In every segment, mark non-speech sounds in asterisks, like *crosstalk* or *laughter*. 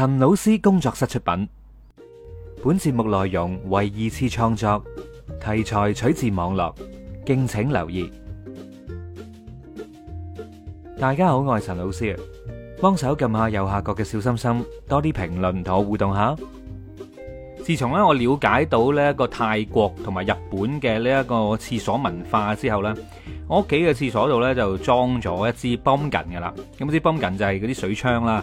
陳老師工作室出品，本節目內容為二次創作，題材取自網絡，敬請留意。大家好，我係陳老師，幫手撳下右下角嘅小心心，多啲評論同我互動下。自從咧我了解到呢一個泰國同埋日本嘅呢一個廁所文化之後呢，我屋企嘅廁所度呢就裝咗一支泵緊嘅啦。咁支泵緊就係嗰啲水槍啦。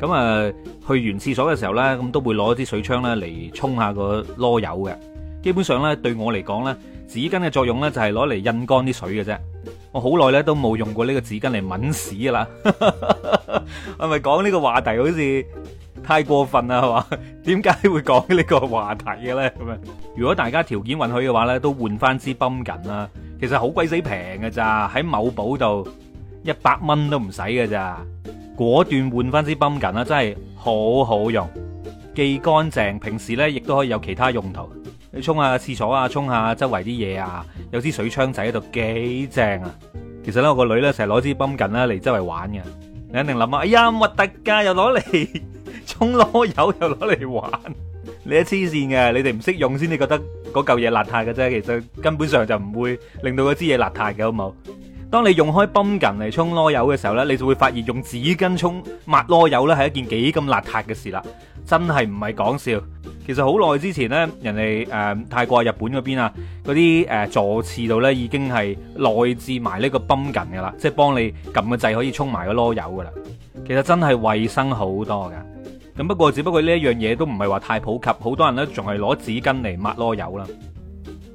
咁啊，去完廁所嘅時候咧，咁都會攞啲水槍咧嚟沖下個籮柚嘅。基本上咧，對我嚟講咧，紙巾嘅作用咧就係攞嚟印乾啲水嘅啫。我好耐咧都冇用過呢個紙巾嚟抿屎㗎啦。係咪講呢個話題好似太過分啦？係嘛？點解會講呢個話題嘅咧？咁啊，如果大家條件允許嘅話咧，都換翻支泵緊啦。其實好鬼死平㗎咋，喺某寶度一百蚊都唔使㗎咋。果斷換翻支泵緊啦，真係好好用，既乾淨，平時咧亦都可以有其他用途，你沖下廁所啊，沖下周圍啲嘢啊，有支水槍仔喺度幾正啊！其實咧我個女咧成日攞支泵緊啦嚟周圍玩嘅，你肯定諗啊，哎呀核突噶，又攞嚟沖籮柚， *laughs* 又攞嚟玩， *laughs* 你一黐綫嘅，你哋唔識用先，你覺得嗰嚿嘢邋遢嘅啫，其實根本上就唔會令到嗰支嘢邋遢嘅，好冇。當你用開泵緊嚟沖籮柚嘅時候呢，你就會發現用紙巾沖抹籮柚呢係一件幾咁邋遢嘅事啦，真係唔係講笑。其實好耐之前呢，人哋誒、呃、泰國日本嗰邊啊嗰啲誒坐廁度呢已經係內置埋呢個泵緊嘅啦，即係幫你撳個掣可以沖埋個籮柚嘅啦。其實真係衞生好多㗎。咁不過只不過呢一樣嘢都唔係話太普及，好多人呢仲係攞紙巾嚟抹籮柚啦。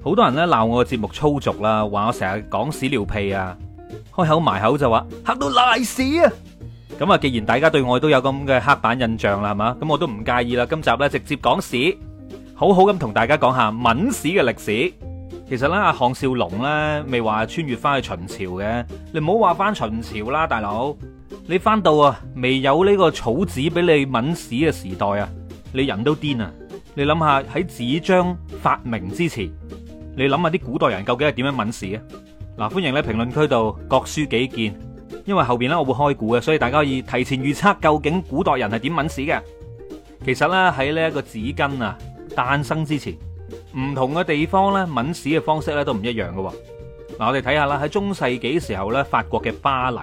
好多人咧鬧我嘅節目粗俗啦，話我成日講屎尿屁啊，開口埋口就話吓到賴屎啊！咁啊，既然大家對我都有咁嘅刻板印象啦，係嘛？咁我都唔介意啦。今集咧直接講屎，好好咁同大家講下抿屎嘅歷史。其實咧，阿項少龍咧未話穿越翻去秦朝嘅，你唔好話翻秦朝啦，大佬，你翻到啊未有呢個草紙俾你抿屎嘅時代啊，你人都癲啊！你諗下喺紙張發明之前。你諗下啲古代人究竟係點樣抿屎嘅？嗱，歡迎喺評論區度各抒己見，因為後邊咧我會開估嘅，所以大家可以提前預測究竟古代人係點抿屎嘅。其實咧喺呢一個紙巾啊誕生之前，唔同嘅地方咧抿屎嘅方式咧都唔一樣嘅。嗱，我哋睇下啦，喺中世紀時候咧，法國嘅巴黎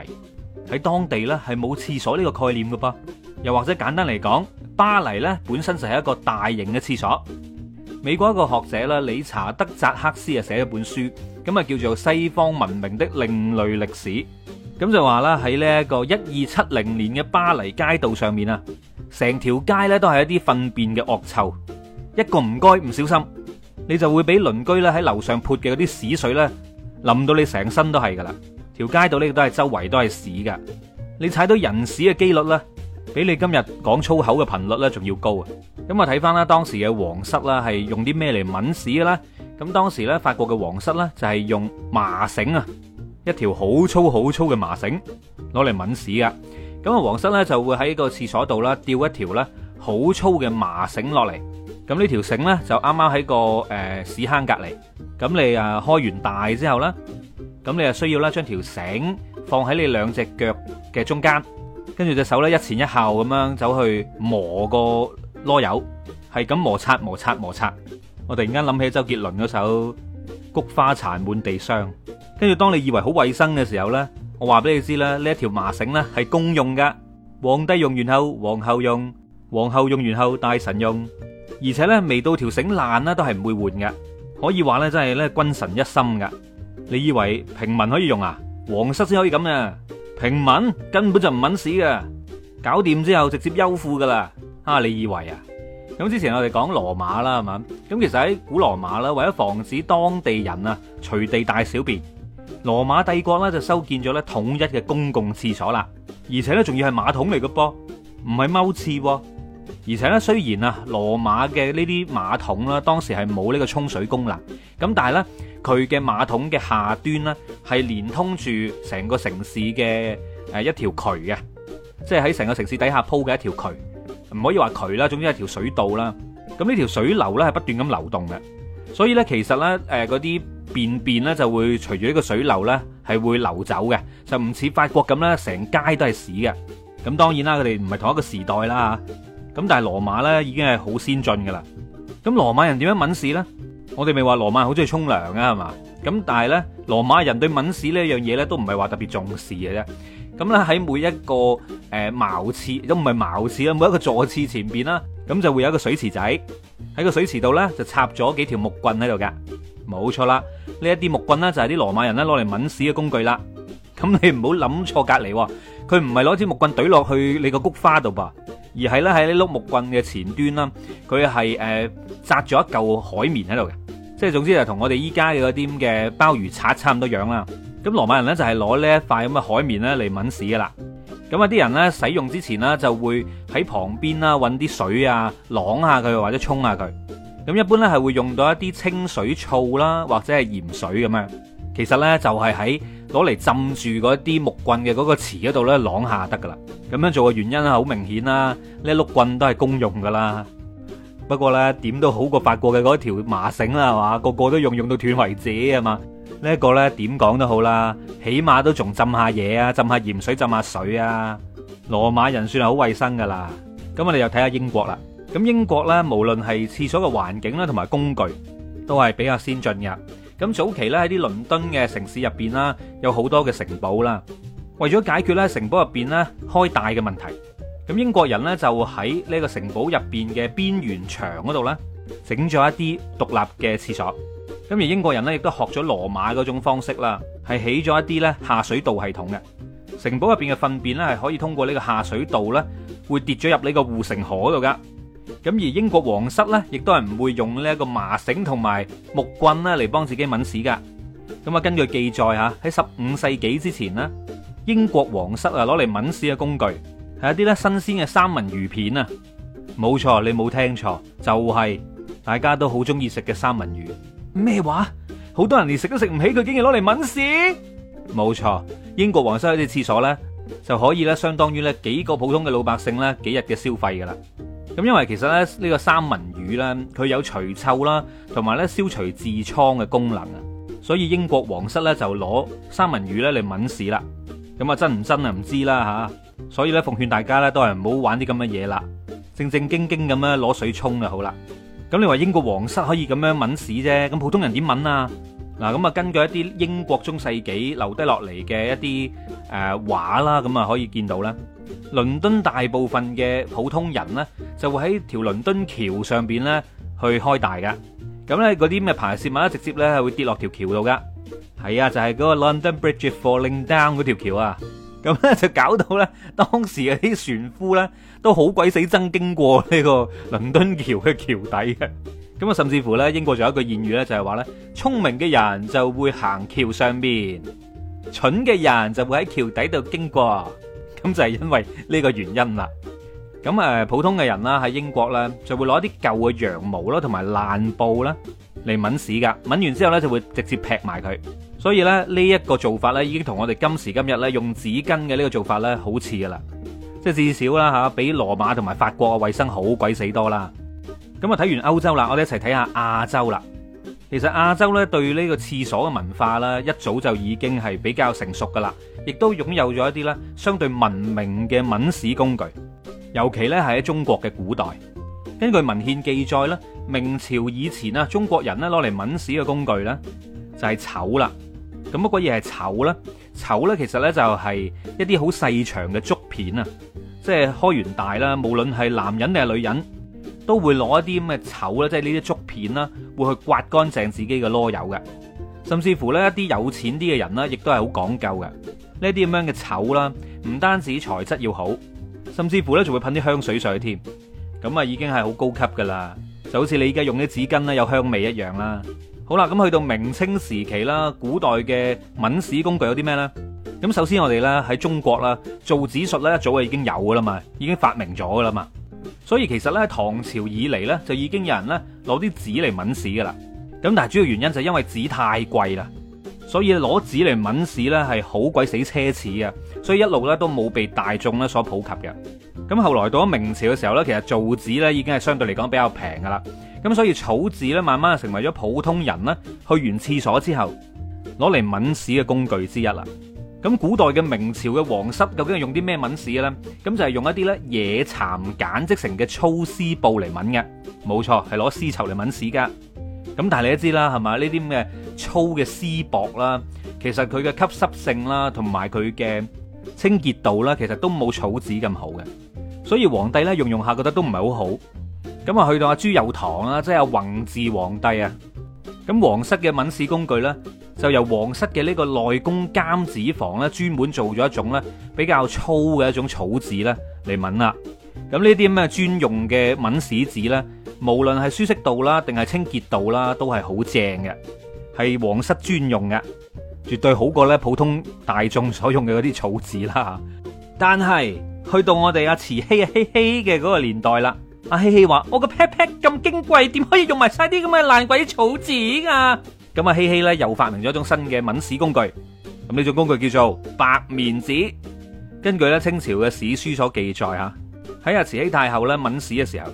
喺當地咧係冇廁所呢個概念㗎噃，又或者簡單嚟講，巴黎咧本身就係一個大型嘅廁所。美國一個學者咧，理查德扎克斯啊寫咗本書，咁啊叫做《西方文明的另類歷史》，咁就話啦喺呢一個一二七零年嘅巴黎街道上面啊，成條街咧都係一啲糞便嘅惡臭，一個唔該唔小心，你就會俾鄰居咧喺樓上潑嘅嗰啲屎水咧淋到你成身都係噶啦，條街道呢都係周圍都係屎噶，你踩到人屎嘅幾率咧，俾你今日講粗口嘅頻率咧，仲要高啊！咁啊，睇翻啦，當時嘅皇室啦，係用啲咩嚟抿屎啦？咁當時咧，法國嘅皇室咧就係用麻繩啊，一條好粗好粗嘅麻繩攞嚟抿屎噶。咁啊，皇室咧就會喺個廁所度啦，吊一條咧好粗嘅麻繩落嚟。咁呢條繩咧就啱啱喺個誒屎坑隔籬。咁你啊開完大之後咧，咁你啊需要啦，將條繩放喺你兩隻腳嘅中間。跟住隻手咧一前一後咁樣走去磨個囉柚，係咁摩擦摩擦摩擦。我突然間諗起周杰倫嗰首《菊花殘滿地傷》。跟住當你以為好衞生嘅時候呢，我話俾你知啦，呢一條麻繩咧係公用嘅，皇帝用完後皇后用，皇后用完後大臣用，而且呢，未到條繩爛啦都係唔會換嘅，可以話呢，真係咧君臣一心嘅。你以為平民可以用啊？皇室先可以咁啊！平民根本就唔抿屎嘅，搞掂之後直接優富噶啦，啊你以為啊？咁之前我哋講羅馬啦，係嘛？咁其實喺古羅馬啦，為咗防止當地人啊隨地大小便，羅馬帝國咧就修建咗咧統一嘅公共廁所啦，而且咧仲要係馬桶嚟嘅噃，唔係踎廁，而且咧雖然啊羅馬嘅呢啲馬桶啦，當時係冇呢個沖水功能，咁但係咧。佢嘅馬桶嘅下端咧，係連通住成個城市嘅誒一條渠嘅，即係喺成個城市底下鋪嘅一條渠，唔可以話渠啦，總之係條水道啦。咁呢條水流咧係不斷咁流動嘅，所以咧其實咧誒嗰啲便便咧就會隨住呢個水流咧係會流走嘅，就唔似法國咁啦，成街都係屎嘅。咁當然啦，佢哋唔係同一個時代啦嚇。咁但係羅馬咧已經係好先進噶啦。咁羅馬人點樣抿屎咧？我哋咪話羅馬人好中意沖涼啊，係嘛？咁但係咧，羅馬人對抿屎呢樣嘢咧都唔係話特別重視嘅啫。咁咧喺每一個誒、呃、茅廁，都唔係茅廁啊，每一個座廁前邊啦，咁就會有一個水池仔，喺個水池度咧就插咗幾條木棍喺度嘅，冇錯啦。呢一啲木棍咧就係啲羅馬人咧攞嚟抿屎嘅工具啦。咁你唔好諗錯隔籬，佢唔係攞支木棍懟落去你個菊花度噃。而係咧喺呢碌木棍嘅前端啦，佢係誒紮咗一嚿海綿喺度嘅，即係總之就同我哋依家嘅嗰啲咁嘅鮑魚刷差唔多樣啦。咁羅馬人咧就係攞呢一塊咁嘅海綿咧嚟抿屎嘅啦。咁啊啲人咧使用之前啦就會喺旁邊啦揾啲水啊，啷下佢或者沖下佢。咁一般咧係會用到一啲清水醋啦、啊、或者係鹽水咁樣。其實咧就係喺攞嚟浸住嗰啲木棍嘅嗰個池嗰度咧，晾下得噶啦。咁樣做嘅原因咧，好明顯啦。呢碌棍都係公用噶啦。不過咧，點都好過法國嘅嗰一條麻繩啦，係嘛？個個都用用到斷為止啊嘛。呢一個咧點講都好啦，起碼都仲浸下嘢啊，浸下鹽水，浸下水啊。羅馬人算係好衞生噶啦。咁我哋又睇下英國啦。咁英國咧，無論係廁所嘅環境啦，同埋工具，都係比較先進嘅。咁早期咧喺啲倫敦嘅城市入邊啦，有好多嘅城堡啦。為咗解決咧城堡入邊咧開大嘅問題，咁英國人咧就喺呢個城堡入邊嘅邊緣牆嗰度咧，整咗一啲獨立嘅廁所。咁而英國人咧亦都學咗羅馬嗰種方式啦，係起咗一啲咧下水道系統嘅。城堡入邊嘅糞便咧係可以通過呢個下水道咧，會跌咗入呢個護城河嗰度噶。咁而英國皇室咧，亦都係唔會用呢一個麻繩同埋木棍咧嚟幫自己抿屎噶。咁啊，根據記載吓，喺十五世紀之前咧，英國皇室啊攞嚟抿屎嘅工具係一啲咧新鮮嘅三文魚片啊。冇錯，你冇聽錯，就係、是、大家都好中意食嘅三文魚。咩話？好多人連食都食唔起，佢竟然攞嚟抿屎？冇錯，英國皇室喺啲廁所咧就可以咧，相當於咧幾個普通嘅老百姓咧幾日嘅消費噶啦。咁，因為其實咧，呢、這個三文魚呢，佢有除臭啦，同埋咧消除痔瘡嘅功能啊，所以英國皇室呢，就攞三文魚呢嚟揾屎啦。咁啊，真唔真不啊，唔知啦嚇。所以呢，奉勸大家呢，都係唔好玩啲咁嘅嘢啦，正正經經咁樣攞水沖就好啦。咁你話英國皇室可以咁樣抿屎啫，咁普通人點抿啊？嗱，咁啊，根據一啲英國中世紀留低落嚟嘅一啲誒畫啦，咁啊可以見到咧，倫敦大部分嘅普通人呢。就會喺條倫敦橋上邊咧去開大噶，咁咧嗰啲咩排泄物咧直接咧係會跌落條橋度噶，係啊就係嗰個 London Bridge Falling Down 嗰條橋啊，咁咧就搞到咧當時啊啲船夫咧都好鬼死憎經過呢個倫敦橋嘅橋底嘅，咁啊甚至乎咧英國仲有一句諺語咧就係話咧聰明嘅人就會行橋上邊，蠢嘅人就會喺橋底度經過，咁就係因為呢個原因啦。咁誒，普通嘅人啦，喺英國咧，就會攞一啲舊嘅羊毛啦，同埋爛布啦嚟抿屎噶，抿完之後咧，就會直接劈埋佢。所以咧，呢一個做法咧，已經同我哋今時今日咧用紙巾嘅呢個做法咧，好似噶啦，即係至少啦吓，比羅馬同埋法國嘅衛生好鬼死多啦。咁啊，睇完歐洲啦，我哋一齊睇下亞洲啦。其實亞洲咧，對呢個廁所嘅文化啦，一早就已經係比較成熟噶啦，亦都擁有咗一啲咧相對文明嘅抿屎工具。尤其咧係喺中國嘅古代，根據文獻記載咧，明朝以前啊，中國人咧攞嚟抿屎嘅工具咧就係籌啦。咁不過嘢係籌咧，籌咧其實咧就係一啲好細長嘅竹片啊，即係開完大啦，無論係男人定係女人，都會攞一啲咁嘅籌咧，即係呢啲竹片啦，會去刮乾淨自己嘅囉柚嘅。甚至乎咧一啲有錢啲嘅人咧，亦都係好講究嘅。呢啲咁樣嘅籌啦，唔單止材質要好。甚至乎咧，仲會噴啲香水上去，添，咁啊已經係好高級噶啦，就好似你而家用啲紙巾咧有香味一樣啦。好啦，咁去到明清時期啦，古代嘅抿屎工具有啲咩呢？咁首先我哋咧喺中國啦造紙術咧一早就已經有噶啦嘛，已經發明咗噶啦嘛，所以其實咧唐朝以嚟咧就已經有人咧攞啲紙嚟抿屎噶啦。咁但係主要原因就係因為紙太貴啦。所以攞紙嚟抿屎咧係好鬼死奢侈㗎！所以一路咧都冇被大眾咧所普及嘅。咁後來到咗明朝嘅時候咧，其實造紙咧已經係相對嚟講比較平噶啦。咁所以草紙咧慢慢成為咗普通人啦去完廁所之後攞嚟抿屎嘅工具之一啦。咁古代嘅明朝嘅皇室究竟係用啲咩抿屎咧？咁就係用一啲咧野蠶繭織成嘅粗絲布嚟抿嘅。冇錯，係攞絲綢嚟抿屎噶。咁但係你都知啦，係嘛，呢啲咁嘅粗嘅絲薄啦，其實佢嘅吸濕性啦，同埋佢嘅清潔度啦，其實都冇草紙咁好嘅。所以皇帝咧用用下覺得都唔係好好。咁啊，去到阿朱祐樘啊，即係阿弘治皇帝啊。咁皇室嘅抿屎工具咧，就由皇室嘅呢個內宮監子房咧，專門做咗一種咧比較粗嘅一種草紙咧嚟抿啦。咁呢啲咩嘅專用嘅抿屎紙咧。無論係舒適度啦，定係清潔度啦，都係好正嘅，係皇室專用嘅，絕對好過咧普通大眾所用嘅嗰啲草紙啦。但係去到我哋阿慈禧啊希希嘅嗰個年代啦，阿、啊、希希話：我個 pat pat 咁矜貴，點可以用埋晒啲咁嘅爛鬼草紙啊？咁啊希希咧、啊、又發明咗一種新嘅抿屎工具，咁呢種工具叫做白棉紙。根據咧清朝嘅史書所記載吓，喺阿慈禧太后咧抿屎嘅時候。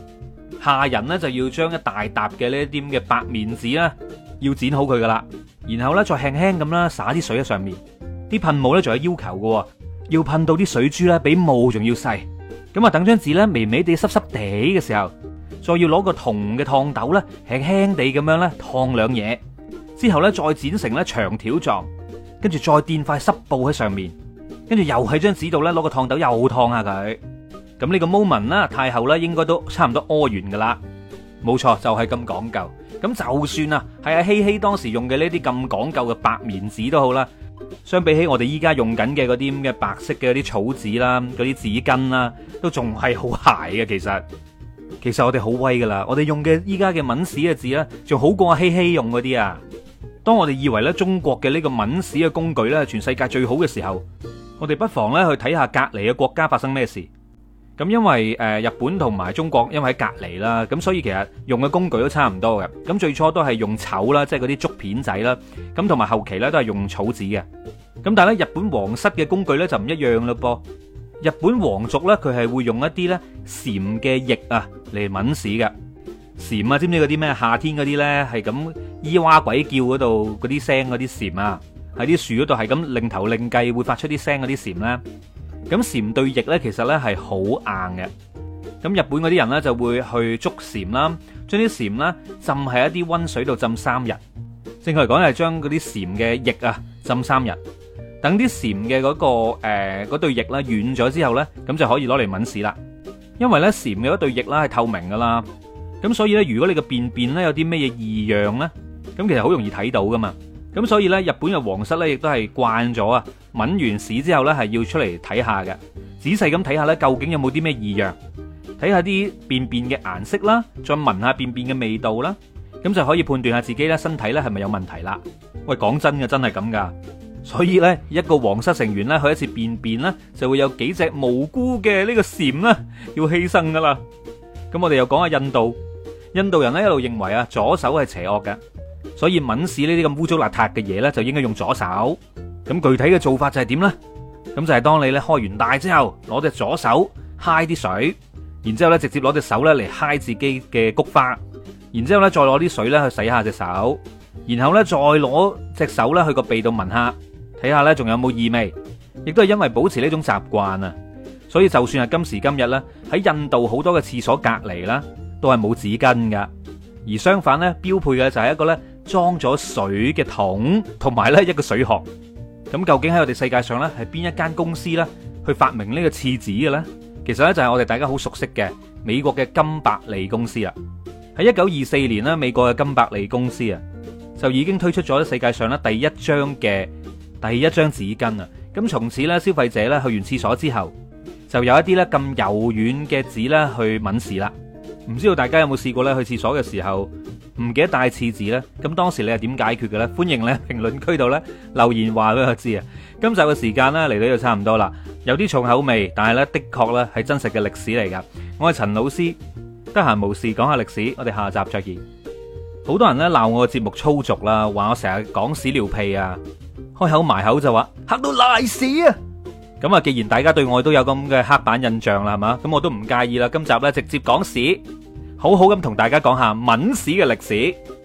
下人咧就要將一大沓嘅呢啲嘅白棉紙啦，要剪好佢噶啦，然後咧再輕輕咁啦灑啲水喺上面，啲噴霧咧仲有要求嘅，要噴到啲水珠咧比霧仲要細。咁啊等張紙咧微微地濕濕地嘅時候，再要攞個銅嘅熨斗咧輕輕地咁樣咧燙兩嘢，之後咧再剪成咧長條狀，跟住再墊塊濕布喺上面，跟住又喺張紙度咧攞個熨斗又燙下佢。咁呢個 moment 啦，太后啦，應該都差唔多屙完噶啦。冇錯，就係咁講究。咁就算啊，係阿希希當時用嘅呢啲咁講究嘅白棉紙都好啦。相比起我哋依家用緊嘅嗰啲咁嘅白色嘅啲草紙啦，嗰啲紙巾啦，都仲係好鞋嘅。其實，其實我哋好威噶啦，我哋用嘅依家嘅抿屎嘅紙咧，仲好過阿希希用嗰啲啊。當我哋以為咧中國嘅呢個抿屎嘅工具咧全世界最好嘅時候，我哋不妨咧去睇下隔籬嘅國家發生咩事。咁因為誒日本同埋中國因為喺隔離啦，咁所以其實用嘅工具都差唔多嘅。咁最初都係用，用籌啦，即係嗰啲竹片仔啦。咁同埋後期咧都係用草紙嘅。咁但係咧，日本皇室嘅工具咧就唔一樣嘞噃。日本皇族咧，佢係會用一啲咧蟬嘅翼啊嚟抿屎嘅。蟬啊，知唔知嗰啲咩夏天嗰啲咧係咁咿哇鬼叫嗰度嗰啲聲嗰啲蟬啊，喺啲樹嗰度係咁擰頭擰計會發出啲聲嗰啲蟬咧。咁蟬對翼咧，其實咧係好硬嘅。咁日本嗰啲人咧就會去捉蟬啦，將啲蟬啦浸喺一啲温水度浸三日。正確嚟講係將嗰啲蟬嘅翼啊浸三日，等啲蟬嘅嗰個誒嗰對翼咧軟咗之後咧，咁就可以攞嚟抿屎啦。因為咧蟬嘅一對翼啦係透明噶啦，咁所以咧如果你嘅便便咧有啲咩嘢異樣咧，咁其實好容易睇到噶嘛。咁所以咧，日本嘅皇室咧，亦都係慣咗啊！聞完屎之後咧，係要出嚟睇下嘅，仔細咁睇下咧，究竟有冇啲咩異樣？睇下啲便便嘅顏色啦，再聞下便便嘅味道啦，咁就可以判斷下自己咧身體咧係咪有問題啦。喂，講真嘅真係咁噶，所以咧一個皇室成員咧去一次便便咧，就會有幾隻無辜嘅呢個蟬咧要犧牲噶啦。咁我哋又講下印度，印度人咧一路認為啊，左手係邪惡嘅。所以抿屎呢啲咁污糟邋遢嘅嘢呢，就應該用左手。咁具體嘅做法就係點呢？咁就係當你咧開完大之後，攞隻左手揩啲水，然之後咧直接攞隻手呢嚟揩自己嘅菊花，然之後咧再攞啲水呢去洗下隻手，然後呢再攞隻手呢去個鼻度聞下，睇下呢仲有冇異味。亦都係因為保持呢種習慣啊，所以就算係今時今日呢，喺印度好多嘅廁所隔籬啦，都係冇紙巾噶，而相反呢，標配嘅就係一個呢。裝咗水嘅桶，同埋咧一個水殼。咁究竟喺我哋世界上咧，係邊一間公司咧去發明呢個廁紙嘅咧？其實咧就係我哋大家好熟悉嘅美國嘅金百利公司啊。喺一九二四年咧，美國嘅金百利公司啊就已經推出咗世界上咧第一張嘅第一張紙巾啊。咁從此咧，消費者咧去完廁所之後，就有一啲咧咁柔軟嘅紙咧去抿屎啦。唔知道大家有冇試過咧去廁所嘅時候？唔記得帶廁紙咧，咁當時你係點解決嘅咧？歡迎咧評論區度咧留言話俾我知啊！今集嘅時間咧嚟到就差唔多啦，有啲重口味，但係咧的確咧係真實嘅歷史嚟噶。我係陳老師，得閒無事講下歷史，我哋下集再見。好多人咧鬧我嘅節目粗俗啦，話我成日講屎尿屁啊，開口埋口就話嚇到賴屎啊！咁啊，既然大家對我都有咁嘅刻板印象啦，係嘛？咁我都唔介意啦，今集咧直接講屎。好好咁同大家講下抿屎嘅歷史。